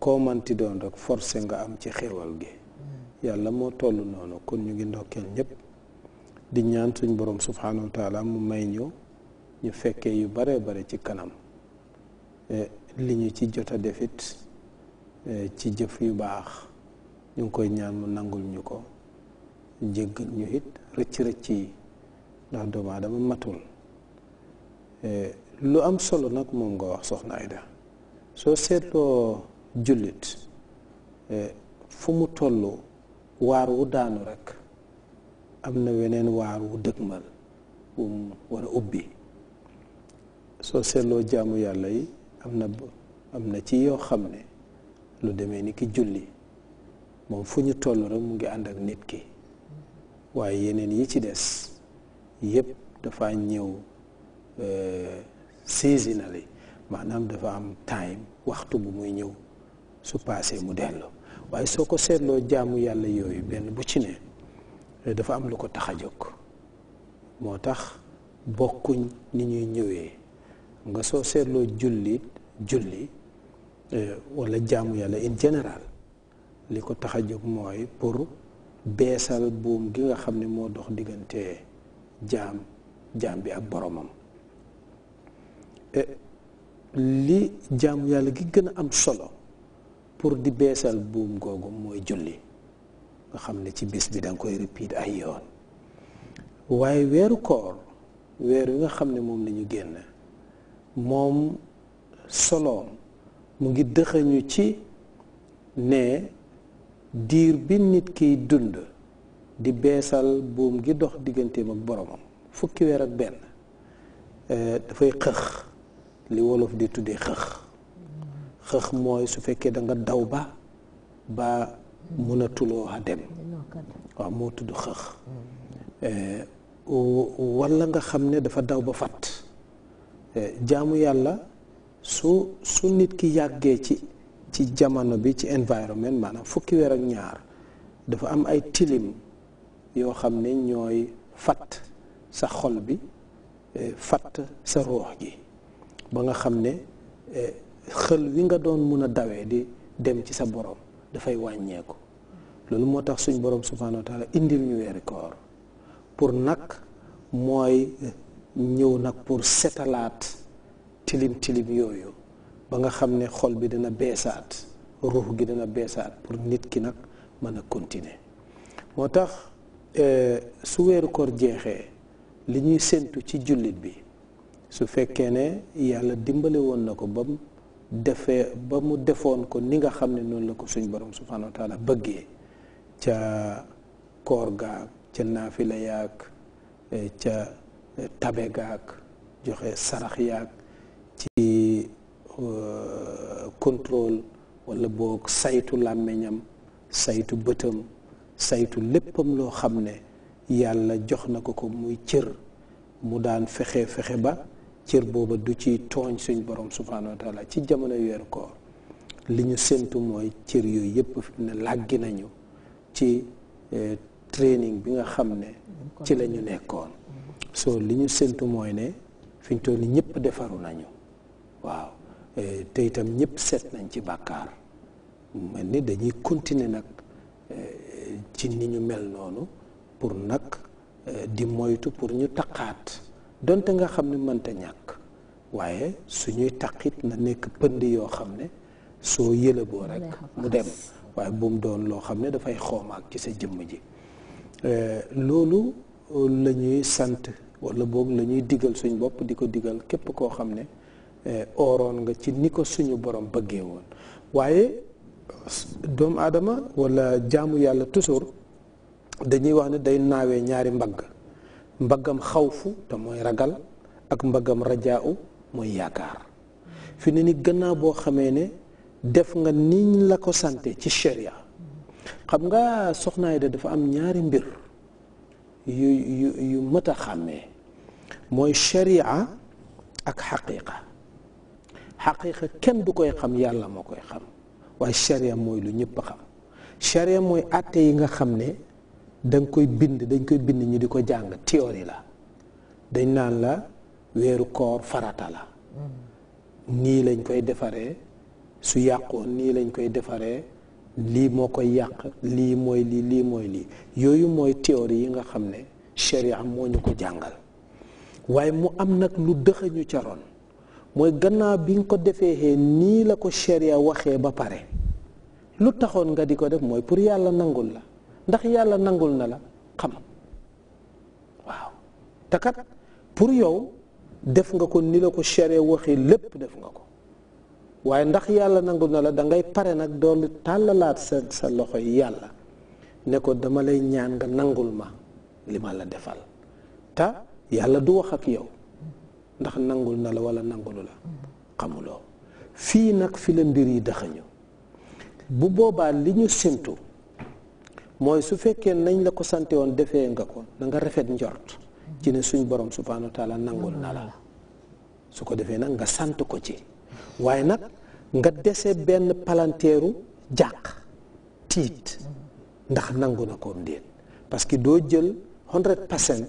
koo manti doon rek forcé nga am ci xéewal gi yàlla moo toll noonu kon ñu ngi ndokkeel ñëpp di ñaan suñ boroom subhanahu wa mu may ñu ñu fekkee yu bare bare ci kanam eh, li ñu ci jot a defit eh, ci jëf yu baax ñu ngi koy ñaan mu nangul ñu ko jéggal ñu it rëcc rëcc yi ndax doomu aadama matul eh, lu am solo nag moom nga wax soxna Ayda soo seetloo jullit eh, fu mu toll waar wu daanu rek am na weneen waar wu dëgmal wu mu war a ubbi soo seetloo jaamu yàlla yi am na am na ci yoo xam ne lu demee ni ki julli moom fu ñu toll rek mu ngi ànd ak nit ki waaye yeneen yi ci des yépp dafa ñëw eh, saisonnière maanaam dafa am time waxtu bu muy ñëw su paasee mu delloo waaye soo ko seetloo jaamu yàlla yooyu benn bu ci ne dafa am lu ko tax a jóg moo tax bokkuñ ni ñuy ñëwee nga soo seetloo jullit julli eh, wala jaamu yàlla in général li ko tax a jóg mooy pour beesal buum gi nga xam ni moo dox diggante jaam jaam bi ak boromam eh, li jaamu yàlla gi gën a am solo pour di beesal buum googu mooy julli nga xam ne ci bis bi danga koy repeat ay yoon waaye weeru koor weer wi nga xam ne moom la génn moom soloom mu ngi dëxañu ci ne diir bi nit kiy dund di beesal buum gi dox digganteem ak boromam fukki weer ak benn eh, dafay xëx li wolof di tuddee xëx xëx mooy su fekkee danga daw ba ba mënatuloo a dem waaw moo tudd xëx eh, walla nga xam ne dafa daw ba fàtt eh, jaamu yàlla su su nit ki yàggee ci ci jamono bi ci environnement maanaam fukki weer ak ñaar dafa am ay tilim yoo xam ne ñooy fàtt sa xol bi eh, fàtt sa ruux gi ba nga xam ne xël wi nga doon mun a dawee di dem ci sa borom dafay wàññeeku loolu moo tax suñ borom subhaanahu wa taala lu ñu weeri koor pour nag mooy ñëw nag pour setalaat tilim tilim yooyu ba nga xam ne xol bi dana beesaat ruux gi dina beesaat pour nit ki nag mën a continuer moo tax eh, su weeru koor jeexee li ñuy séentu ci jullit bi su fekkee ne yàlla dimbale woon na ko bam defe ba mu defoon ko ni nga xam ne noonu la ko suñ borom subhanahu wa bëggee ca koor gaag ca naafila yaag eh, ca eh, tabe gaag joxe sarax yaag ci eh, contrôle walla boog saytu làmmiñam saytu bëtam saytu léppam loo xam ne yàlla jox na ko ko muy cër mu daan fexe fexe ba cër booba du ci tooñ suñ borom subhaanahu wa ci jamono weeru koor li ñu séntu mooy cër yooyu yëpp fi ne làggi nañu ci eh, training bi nga xam ne ci la ñu nekkoon soo li ñu séntu mooy ne fi ñu toll ñëpp defaru nañu waaw eh, te itam ñëpp seet nañ ci bàkkaar mel ni dañuy continuer nag eh, ci ni ñu mel noonu pour nag di moytu pour ñu taqaat donte nga xam ne mënta ñàkk waaye suñuy taqit na nekk pënd yoo xam ne soo yëlëboo rek mu dem waaye bu doon loo xam ne dafay xoomaak ci sa jëmm ji euh, loolu la sant wala boog la ñuy digal suñu bopp di ko digal képp koo xam ne euh, ooroon nga ci ni ko suñu borom bëggee woon waaye doomu aadama walla jaamu yàlla toujours dañuy wax ne day naawee ñaari mbagg mbaggam xawfu te mooy ragal ak mbaggam rajaaw mooy yaakaar fi ne ni gannaaw boo xamee ne def nga niñ la ko sante ci sharia xam nga soxna Aida dafa am ñaari mbir yu yu mët a xàmmee mooy sharia ak xaqiqa xaqiqa kenn du koy xam yàlla moo koy xam waaye sharia mooy lu ñëpp xam sharia mooy àtte yi nga xam ne da koy bind dañ koy bind ñi di ko jàng théorie la dañ naan la weeru koor farata la nii lañ koy defaree su yàqoon nii lañ koy defaree lii moo koy yàq lii mooy lii lii mooy lii yooyu mooy théorie yi nga xam ne sharia moo ñu ko jàngal waaye mu am nag lu dëxañu ca roon mooy gannaaw bi nga ko defee nii la ko sharia waxee ba pare lu taxoon nga di ko def mooy pour yàlla nangul la ndax yàlla nangul na la xam waaw te pour yow def nga ko ni la ko chéré waxee lépp def nga ko waaye ndax yàlla nangul na la dangay pare nag doomi tàllalaat sa sa loxo yi yàlla ne ko dama lay ñaan nga nangul ma li ma la defal te yàlla du wax ak yow ndax nangul na la walla nangulu la xamuloo fii nag fi la mbir yi daxañu bu boobaa li ñu simtu mooy su fekkee nañ la ko sante woon defee nga ko na rafet njort ci ne suñ borom subhaanahu wa taala nangul na la su ko defee nag nga sant ko ci waaye nag nga dese benn palanteeru jàq tiit ndax nangu na koom déet parce que doo jël 100 percent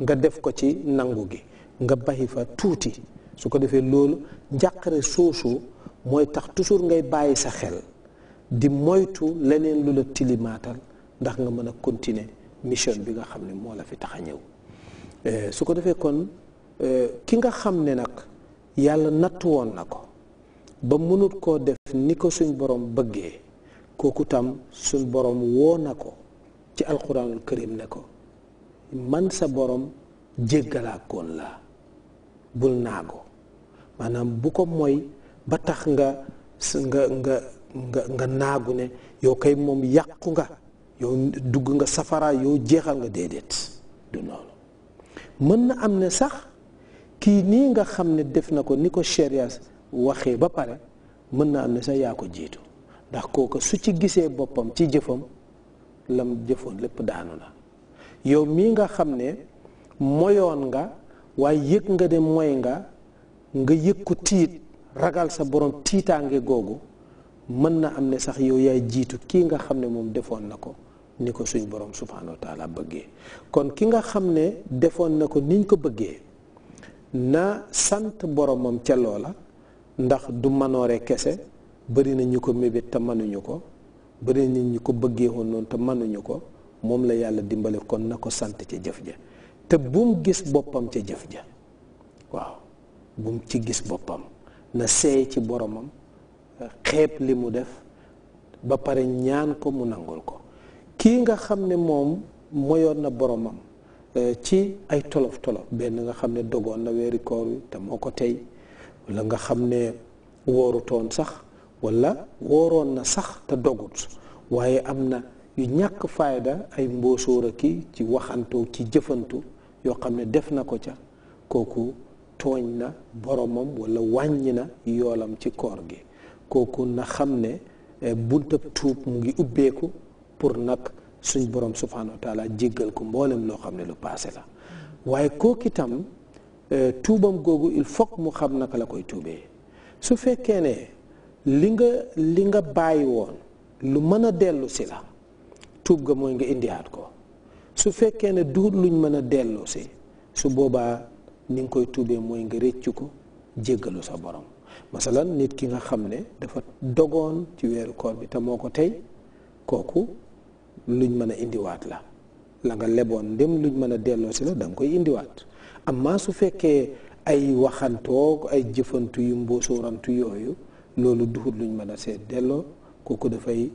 nga def ko ci nangu gi nga baxi fa tuuti su ko defee loolu njàqare soosu mooy tax toujours ngay bàyyi sa xel di moytu leneen lu la tilimaatal ndax nga mën a continuer mission bi nga xam ne moo la fi tax a ñëw euh, su ko defee kon euh, ki nga xam ne nag yàlla nattu woon na ko ba mënut koo def ni ko suñ borom bëggee kooku tam suñ borom woo na ko ci alquranul karim ne ko man sa borom jéggalaakoon la bul naago maanaam bu ko mooy ba tax nga nga nga nga nga naagu ne yow kay moom yàqu nga yow dugg nga safara yow jeexal nga déedéet du loolu mën na am ne sax kii nii nga xam ne def na ko ni ko sharia waxee ba pare mën na am ne sax yaa ko ndax kooka su ci gisee boppam ci jëfam lam jëfoon lépp daanu la yow mii nga xam ne moyoon nga waaye yëg nga de moy nga nga yëg ko tiit ragal sa borom tiitaange googu mën na am ne sax yow yaay jiitu kii nga xam ne moom defoon na ko ni ko suñ borom subhanahu wa taala bëggee kon ki nga xam ne defoon na ko niñ ko bëggee na sant boromam ca loola ndax du manoore kese bëri na ñu ko mébét te mënuñu ko bëri na ñu ko bëggee woon noonu te mënuñu ko moom la yàlla dimbale kon na ko sant ca jëf ja te bum gis boppam ca jëf ja waaw bum ci gis boppam na seey ci boromam xeeb li mu def ba pare ñaan ko mu nangul ko kii nga xam ne moom moyoon na boromam eh, ci ay tolof tolof benn nga xam ne dogoon na weeri koor wi te moo ko tey wala nga xam ne woorutoon sax wala wooroon na sax te dogut waaye am na yu ñàkk fayda ay mboosóor ki ci waxantoo ci jëfantu yoo xam ne def na ko ca kooku tooñ na boromam walla wàññi na yoolam ci koor gi kooku na xam ne eh, buntab tuub mu ngi ubbeeku pour nag suñ borom subhanahu wa jéggal ko mboolem loo xam ne lu paase la waaye kooku itam eh, tuubam googu il faut mu xam naka la koy tuubee su fekkee ne li nga li nga bàyyi woon lu mën a dellu si la tuub ga mooy nga indiwaat ko su fekkee ne duut luñ mën a dellu si su boobaa ni nga koy tuubee mooy nga réccu ko jéggalu sa borom masalan nit ki nga xam ne dafa dogoon ci weeru koor bi te moo ko tey kooku luñ mën a indiwaat la la nga leboon ndem luñ mën a delloo si la danga nga koy indiwaat amma su fekkee ay waxantoog ay jëfantu yu mbóosóorantu yooyu loolu duhut luñ mën a seet delloo kooku dafay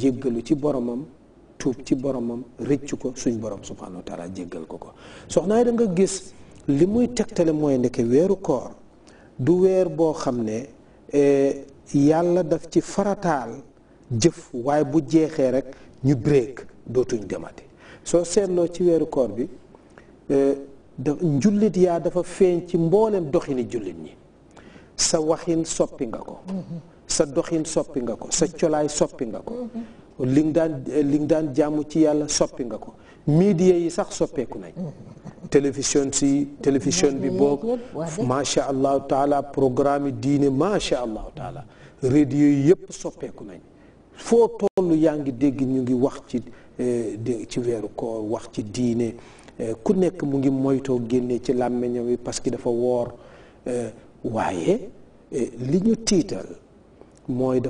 jéggalu ci boromam tuub ci boromam rëccu ko suñ borom subhanahu wa taala jéggal ko ko soxnaay da nga gis li muy tegtale mooy ndeke weeru koor du weer boo xam ne eh, yàlla daf ci farataal jëf waaye bu jeexee rek ñu break dootuñ demati soo seetloo ci weeru koor bi eh, da njullit yaa dafa feeñ ci mboolem doxini jullit ñi sa waxin soppi nga ko sa doxin soppi nga ko sa colaay soppi nga ko li nga daan li nga daan jaamu ci yàlla soppi nga ko media yi sax soppeeku nañ télévision si télévision bi boog macha allahu taala programme yi diine macha allahu taala radio yi yëpp soppeeku nañ foo toll yaa ngi dégg ñu ngi wax ci eh, ci weeru ko wax ci diine eh, ku nekk mu ngi moytoo génne ci làmmiñam yi parce que dafa woor eh, waaye li ñu tiital mooy